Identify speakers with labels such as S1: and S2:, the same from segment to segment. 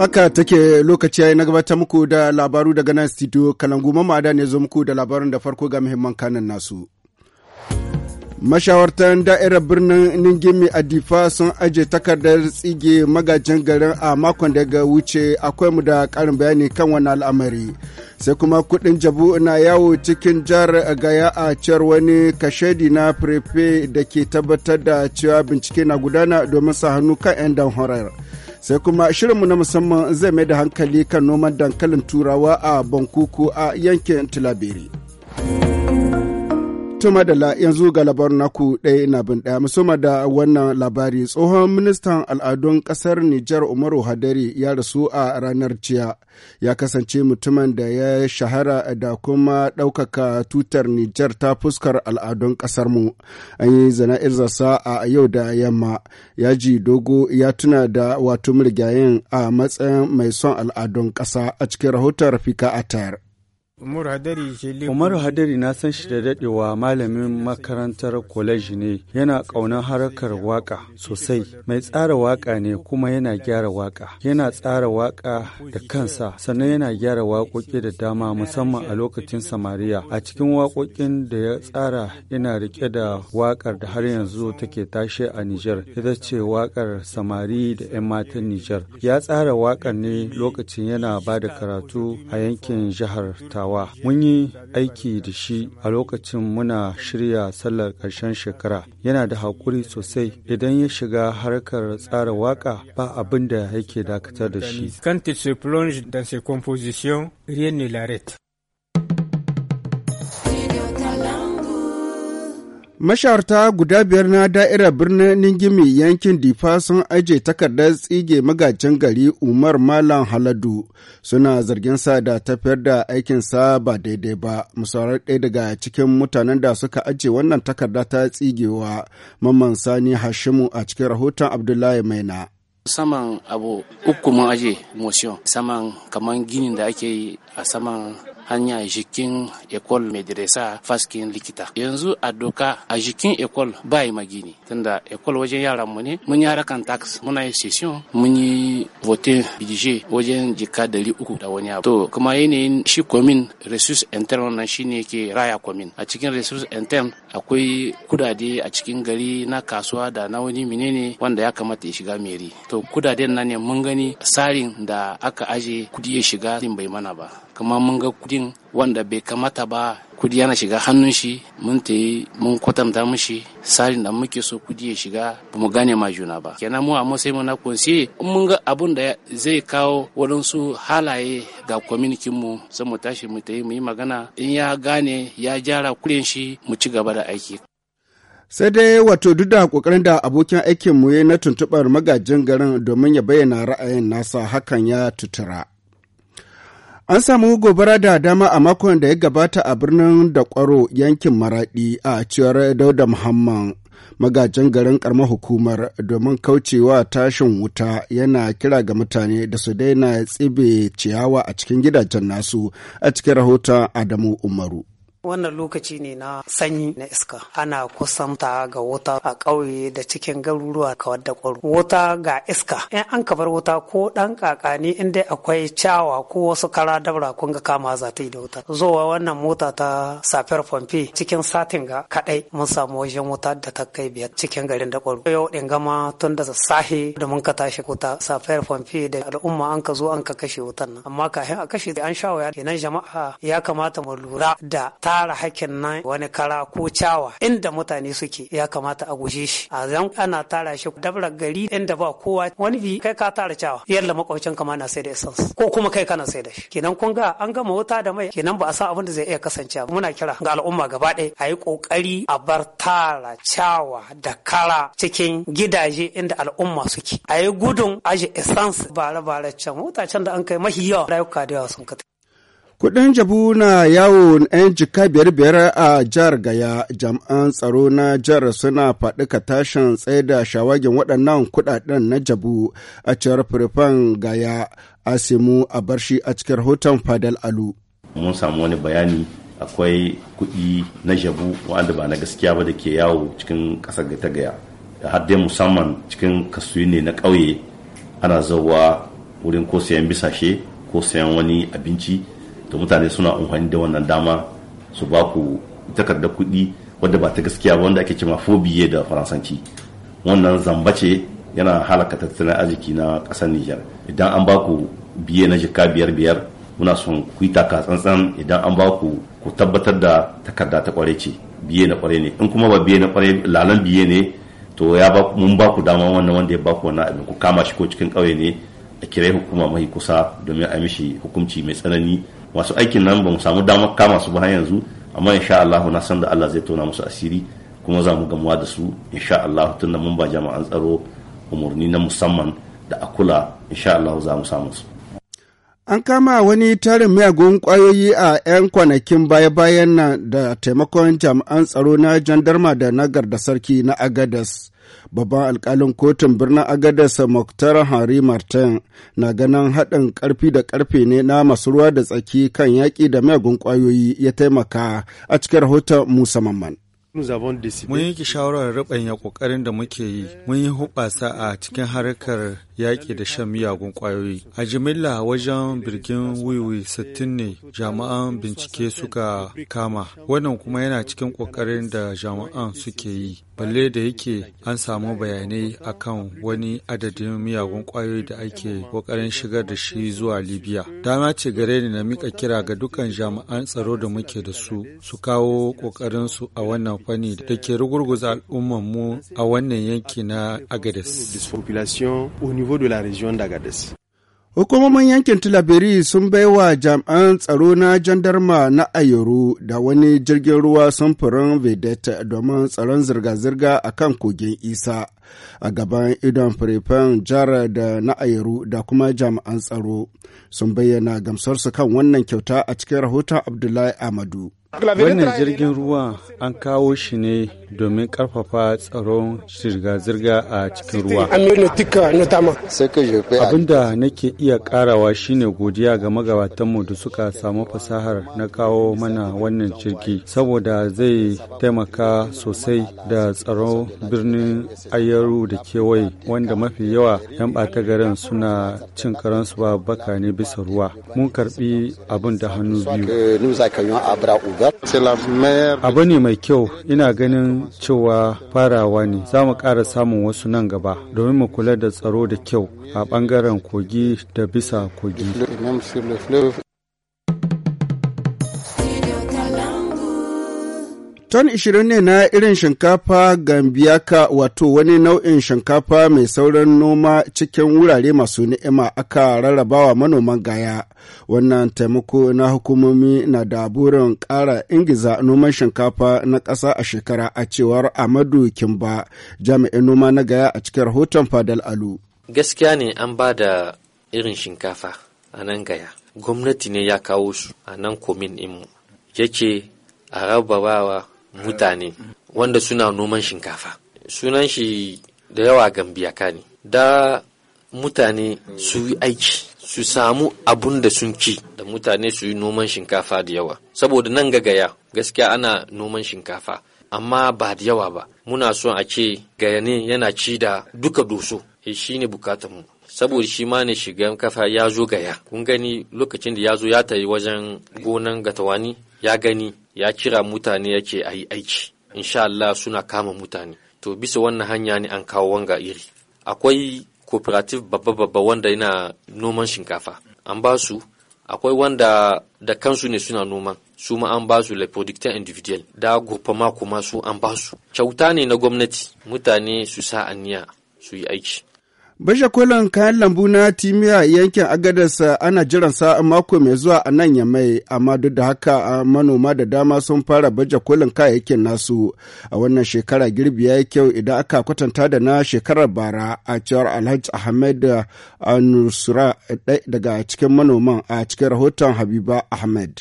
S1: Haka take lokaci yayi na gabatar muku da labaru daga nan studio Kalangu Mamada ne zo muku da labarin da farko ga muhimman kanan nasu. Mashawartan da'irar birnin Ningimi Adifa sun aje takardar tsige magajin garin a makon daga wuce akwai mu da karin bayani kan wani al'amari. Sai kuma kudin jabu na yawo cikin jihar Gaya a cewar wani kashedi na prefe da ke tabbatar da cewa bincike na gudana domin sa hannu kan 'yan dan horar. sai kuma shirinmu na musamman zai mai da hankali kan noman dankalin turawa a bankuku a yankin tilaberi. Tuma da yanzu ga labarin naku ɗaya na bin ɗaya musamman da wannan labari tsohon ministan al'adun ƙasar Nijar Umaru Hadari ya rasu a ranar jiya ya kasance mutumin da ya shahara da kuma ɗaukaka tutar Nijar ta fuskar al'adun ƙasar mu an yi zana'izarsa a yau da yamma ya ji dogo ya tuna da wato murgayen a matsayin mai son al'adun ƙasa a cikin rahoton Rafika tayar.
S2: Umaru Hadari na san shi da daɗewa malamin makarantar kwaleji ne yana ƙaunar harkar waka sosai mai tsara waka ne kuma yana gyara waka yana tsara waka da kansa sannan yana gyara waƙoƙi da dama musamman a lokacin samariya a cikin waƙoƙin da ya tsara ina rike da wakar da har yanzu take tashe a Nijar ita ce wakar samari da 'yan matan Nijar ya tsara wakar ne lokacin yana ba da karatu a yankin jihar Tawa tunawa mun yi aiki da shi a lokacin muna shirya sallar ƙarshen shekara yana da haƙuri sosai idan ya shiga harkar tsara waƙa ba abin da yake dakatar da shi.
S1: Mashawarta guda biyar na da'irar birnin Ningimi yankin Difa sun aje takardar tsige magajin gari Umar Malam Haladu suna zargin sa da tafiyar da aikinsa ba daidai ba. Musaurar ɗaya daga cikin mutanen da suka aje wannan takarda ta tsigewa Mamman Sani Hashimu a cikin rahoton Abdullahi Maina.
S3: Saman abu uku mun aje motion saman kaman ginin da ake yi a saman hanya jikin ekol medresa diresa faskin likita yanzu a doka a jikin ekol ba yi magini tunda ekol wajen yaran mu ne mun yi harakan tax muna yi session mun yi vote bidije wajen jika dari uku da wani abu to kuma yanayin shi komin resource intern wannan shine ke raya komin a cikin resource intern akwai kudade a cikin gari na kasuwa da na wani menene wanda ya kamata ya shiga meri to kudaden nan ne mun gani tsarin da aka aje kudi ya shiga bai mana ba kuma mun ga kudin wanda bai kamata ba kudi yana shiga hannun shi mun ta yi mun kwatanta mushi salin da muke so kudi ya shiga ba mu gane ma juna ba kenan mu amma sai muna kunsi in mun ga abun da zai kawo waɗansu halaye ga kwaminikin mu sai mu tashi mu ta yi mu yi magana in ya gane ya gyara kudin shi mu ci gaba da aiki
S1: sai dai wato duk da kokarin da abokin aikin mu ya na tuntubar magajin garin domin ya bayyana ra'ayin nasa hakan ya tutura An samu gobara da dama a makon da ya gabata a birnin Dakwaro yankin Maraɗi a cewar Dauda Muhammad magajin garin karamar hukumar domin kaucewa tashin wuta yana kira ga mutane da su daina tsibe ciyawa a cikin gidajen nasu a cikin rahoton Adamu Umaru.
S4: wannan lokaci ne na sanyi na iska ana kusanta ga wuta a ƙauye da cikin garuruwa kawar da ƙwaro wuta ga iska in an kabar wuta ko ɗan kakani in dai akwai cawa ko wasu kara dabra kun ga kama za ta yi da wuta zowa wannan mota ta safiyar famfe cikin satin ga kaɗai mun samu wajen wuta da ta kai biyar cikin garin da ƙwaro yau ɗin gama tun da sahi da mun ka tashi wuta safiyar famfe da al'umma an ka zo an ka kashe wutan nan amma kafin a kashe an shawaya kenan jama'a ya kamata mu lura da kare hakkin nan wani kara ko cawa inda mutane suke ya kamata a guje shi a zan ana tara shi dabra gari inda ba kowa wani bi kai ka tara cawa yalla makwabcin kama na sai da essence ko kuma kai kana sai da shi kenan kun ga an gama wuta da mai kenan ba a san abin da zai iya kasancewa muna kira ga al'umma gaba ɗaya a yi ƙoƙari a bar tara cawa da kara cikin gidaje inda al'umma suke a yi gudun aje essence bare-bare can wuta can da an kai mahi yawa rayuka da yawa sun kata
S1: Kudin jabu na yawo 'yan jika biyar biyar a jihar Gaya, jam'an tsaro na jihar suna faɗi tashin tsaye da shawagin waɗannan kudaden na jabu a cewar firfan Gaya, Asimu a barshi a cikin rahoton Fadal Alu.
S5: Mun samu wani bayani akwai kuɗi na jabu wanda ba na gaskiya ba da ke yawo cikin ƙasar ta Gaya. Har dai musamman cikin kasuwi ne na ƙauye ana zauwa wurin ko sayan bisashe ko sayan wani abinci to mutane suna amfani da wannan dama su ba ku takarda kuɗi wadda ba ta gaskiya ba wanda ake cewa fobiye da faransanci wannan zamba ce yana halaka tattalin arziki na ƙasar Nijar idan an ba ku biye na jika biyar biyar muna son ku yi taka tsantsan idan an ba ku ku tabbatar da takarda ta kware ce biye na kware ne in kuma ba biye na kware lalan biye ne to ya ba mun ba ku dama wannan wanda ya ba ku wannan abin ku kama shi ko cikin ƙauye ne a kira hukuma mai kusa domin a mishi hukunci mai tsanani masu aikin nan ba mu samu damar kama su ba yanzu amma insha Allah na san da Allah zai tona musu asiri kuma za mu gamuwa da su insha Allah tunda mun ba jama'an tsaro umarni na musamman da akula kula insha Allah za mu samu su
S1: An kama wani tarin miyagun kwayoyi a 'yan kwanakin baya-bayan nan da taimakon jami'an tsaro na jandarma da nagar da sarki na Agadas. babban alkalin kotun birnin agadarsa muktar henry martin na ganin haɗin ƙarfi da ƙarfe ne na masu ruwa da tsaki kan yaƙi da miyagun ƙwayoyi ya taimaka a cikin rahoton musa mamman
S2: Mun yanke shawarar rubanya kokarin da muke yi, mun yi hubasa a cikin harkar yaƙi da shan miyagun ƙwayoyi. A jimilla wajen birgin wiwi 60 ne jama'an bincike suka kama, wannan kuma yana cikin kokarin da jami'an suke yi balle da yake an samu bayanai akan wani adadin miyagun kwayoyi da ake kokarin shigar da shi zuwa libya dama ce gare ni na mika kira ga dukkan jami'an tsaro da muke da su su kawo kokarin a wannan fanni da ke rugurguza al'ummar mu a wannan yanki na agades
S1: Hukumomin yankin Tilaberi sun baiwa jami'an tsaro na jandarma na Ayoru da wani jirgin ruwa samfurin Vedeta domin tsaron zirga-zirga a kan kogin Isa a gaban idon firifan jihar da na Ayoru da kuma jami'an tsaro. Sun bayyana gamsarsu kan wannan kyauta a cikin rahoton Abdullahi Amadu.
S2: Wannan jirgin ruwa an kawo shi ne domin karfafa tsaron zirga-zirga a cikin ruwa. Abinda nake iya karawa shine godiya ga magabatanmu da suka samu fasahar na kawo mana wannan jirgi saboda zai taimaka sosai da tsaron birnin ayyaru da kewaye wanda mafi yawa 'yan bata garin suna cin karansu ba baka ne bisa ruwa. Mun karbi abin da hannu biyu. Abu ne mai kyau ina ganin cewa farawa ne za mu ƙara samun wasu nan gaba domin mu kula da tsaro da kyau a ɓangaren kogi da bisa kogi. Ton
S1: 20 ne na irin shinkafa gambiyaka wato wani nau'in shinkafa mai sauran noma cikin wurare masu ni'ima aka rarrabawa manoman gaya. Wannan taimako na hukumomi na da burin ƙara ingiza noman shinkafa na ƙasa a shekara a cewar Amadu Kimba jami'in noma na gaya a cikin rahoton Fadal
S6: Alu. Gaskiya ne an ba da irin shinkafa a nan gaya. Gwamnati ne ya kawo su a nan komin imu. Yake a rabawa mutane wanda suna noman shinkafa sunan shi da yawa gambiyaka ne da mutane su yi aiki su samu abun da sun ci da mutane su yi noman shinkafa da yawa saboda nan gagaya gaskiya ana noman shinkafa amma ba da yawa ba muna son a ce gayane yana ci da duka doso e shi ne bukatanmu saboda shi ma ne shigan kafa ya zo gaya kun gani lokacin da ya zo ya tayi wajen gonan gatawani ya gani ya kira mutane yake a yi aiki insha Allah suna kama mutane to bisa wannan hanya ne an kawo wanga iri akwai cooperative babba-babba wanda yana noman shinkafa an ba su akwai wanda da kansu ne suna noman su ma an ba su le producteur individuel da ma kuma su an ba su kyauta ne na gwamnati mutane su sa aniya su yi aiki
S1: Bashe kolon kayan lambu na Timiya yankin agadarsa ana jiran sa mako mai zuwa a nan mai amma duk da haka manoma da dama sun fara baje kolin kayayyakin nasu. A wannan shekara girbi ya yi kyau idan aka kwatanta da na shekarar bara a cewar Alhaji Ahmed Anusura daga cikin manoman a cikin rahoton Habiba Ahmed.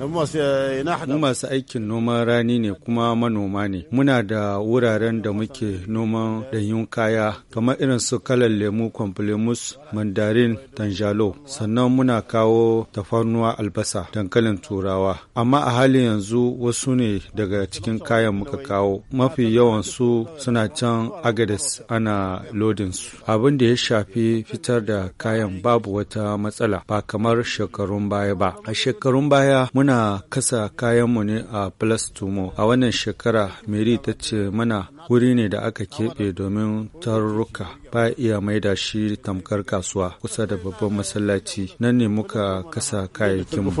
S2: Eh, Mu masu aikin noman rani ne kuma manoma ne. Muna da wuraren da muke noman danyun kaya kamar irin su kalar lemu, kwamflemus, mandarin, tanjalo. Sannan muna kawo tafarnuwa albasa, dankalin turawa. Amma a halin yanzu wasu ne daga cikin kayan muka kawo. Mafi yawan su suna can agades ana lodinsu. Abin da ya shafi fitar da kayan babu wata matsala ba kamar shekarun baya ba. A shekarun baya muna muna kasa kayanmu ne a Tumo. a wannan shekara mary ta ce mana wuri ne da aka keɓe domin tarurruka ba iya maida shi tamkar kasuwa kusa da babban masallaci nan ne muka kasa kayayyakinmu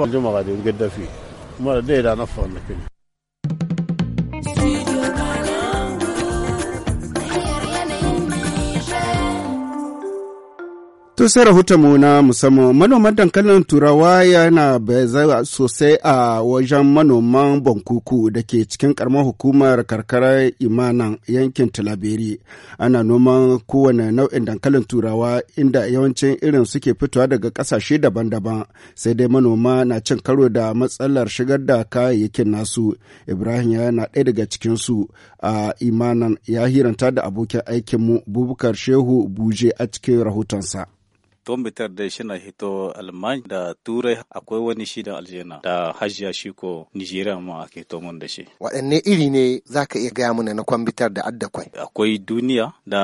S1: To sai mu na musamman manoman dankalin turawa yana baza sosai a wajen manoman bankuku da ke cikin karamar hukumar karkarar imanan yankin talabiri ana noman kowane nau'in dankalin turawa inda yawancin irin suke fitowa daga kasashe daban-daban sai dai manoma na cin karo da matsalar shigar da kayayyakin nasu ibrahim yana ɗaya daga cikinsu a imanan ya hiranta da abokin aikinmu bubukar shehu buje a cikin rahotonsa.
S7: don bitar da shina hito alman da turai akwai wani shi da aljena da hajiya shi ko nigeria ma ake tomon da shi
S8: waɗanne iri ne za ka iya gaya mana na kwamfutar da adda kwai
S7: akwai duniya da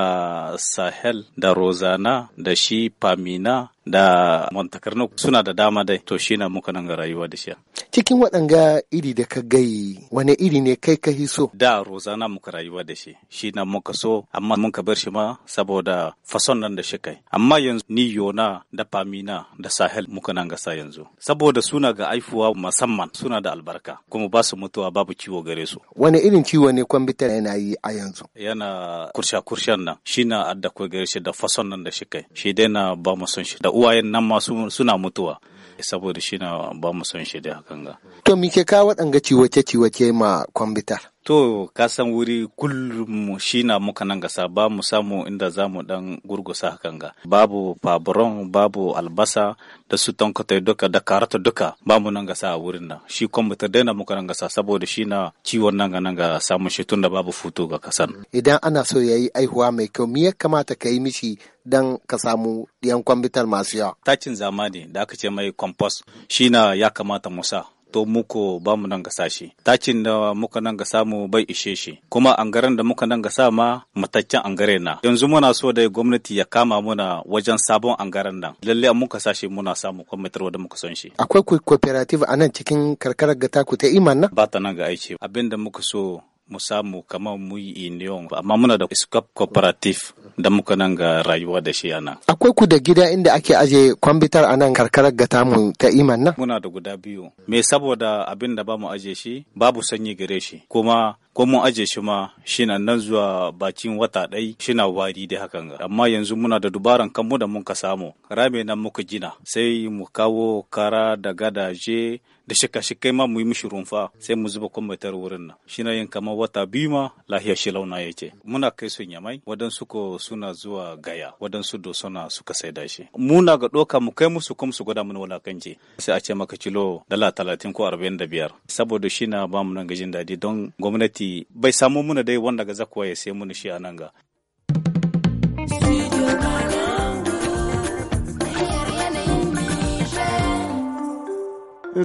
S7: sahel da rozana da shi pamina da montakarno suna da dama dai to shi na muka nan ga rayuwa da shi
S8: cikin waɗanga iri da ka gai wani iri ne kai ka so
S7: da rozana muka rayuwa da shi shi na muka so amma muka bar shi ma saboda fason nan da shi kai amma yanzu ni yona da famina da sahel muka nan sa yanzu saboda suna ga aifuwa musamman suna da albarka kuma ba su mutuwa babu ciwo gare su
S8: wani irin ciwo ne kwamfutar yana yi a yanzu
S7: yana kursha kurshen nan shi na adda gare shi da fason nan da shi kai shi dai na ba mu son shi da uwayen nan masu suna mutuwa saboda shi na ba mu son shi da hakan ga.
S8: To mike ke kawo waɗanga ciwace-ciwace ma kwambitar?
S7: To, kasan wuri kullum shi na muka nan gasa ba mu samu inda za mu dan gurgusa hakan ga. Babu faburon, babu albasa da su tankata duka da karata duka ba mu nan gasa a wurin nan. Shi kwamfuta daina muka nan gasa saboda shi na ciwon nan ga nan ga samun shi tunda babu futo ga kasan.
S8: Idan ana so ya yi aihuwa mai kyau, me ya kamata ka yi mishi dan ka samu yan kwamfutar masu yawa?
S7: Takin zamani da aka ce mai compost shi na ya kamata musa. to muko ba mu nan gasa shi takin da muka nan gasa mu bai ishe shi kuma angaren da muka nan gasa ma mataccen angare na yanzu muna so da gwamnati ya kama muna wajen sabon angaren nan lalle muka sashi muna samu kwamitar da muka son shi
S4: akwai
S8: cooperative a nan cikin karkarar gataku ta iman na
S7: ba ta nan ga aiki abinda muka so mu samu kamar mu yi union amma muna da scap cooperative da muka nan ga rayuwa da shi ana.
S8: Akwai ku da gida inda ake aje kwambitar a nan karkarar ga tamu ta iman nan? Muna da
S7: guda biyu. Me saboda abin da ba mu aje shi babu sanyi gare shi kuma ko mun aje shi ma shi na nan zuwa bakin wata ɗai shi na wari da hakan ga amma yanzu muna da dubaran kanmu da mun ka samu rame nan muka gina sai mu kawo kara da gadaje da shika shi kai ma mu yi mishi rumfa sai mu zuba kwamfutar wurin nan shi na yin kamar wata biyu ma lahiya shi launa yake muna kai su yamai wadansu ko suna zuwa gaya wadansu do suna suka saida shi muna ga ɗoka mu kai musu kuma su gwada mana wulakanci sai a ce maka kilo dala talatin ko arba'in da biyar saboda shi na ba mu nan gajin daɗi don gwamnati gwamnati bai samu muna dai wanda ga zakuwa ya sai muna shi a nan ga.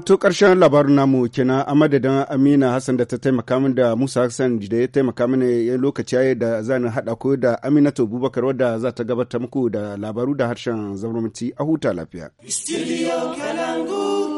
S1: To ƙarshen labarin namu kenan a madadin Amina Hassan da ta taimaka min da Musa Hassan da ya taimaka mini ya lokaci yayi da zanin haɗa ko da amina Aminatu bubakar wadda za ta gabatar muku da labaru da harshen zamanci a huta lafiya.
S8: Studio
S4: Kalangu.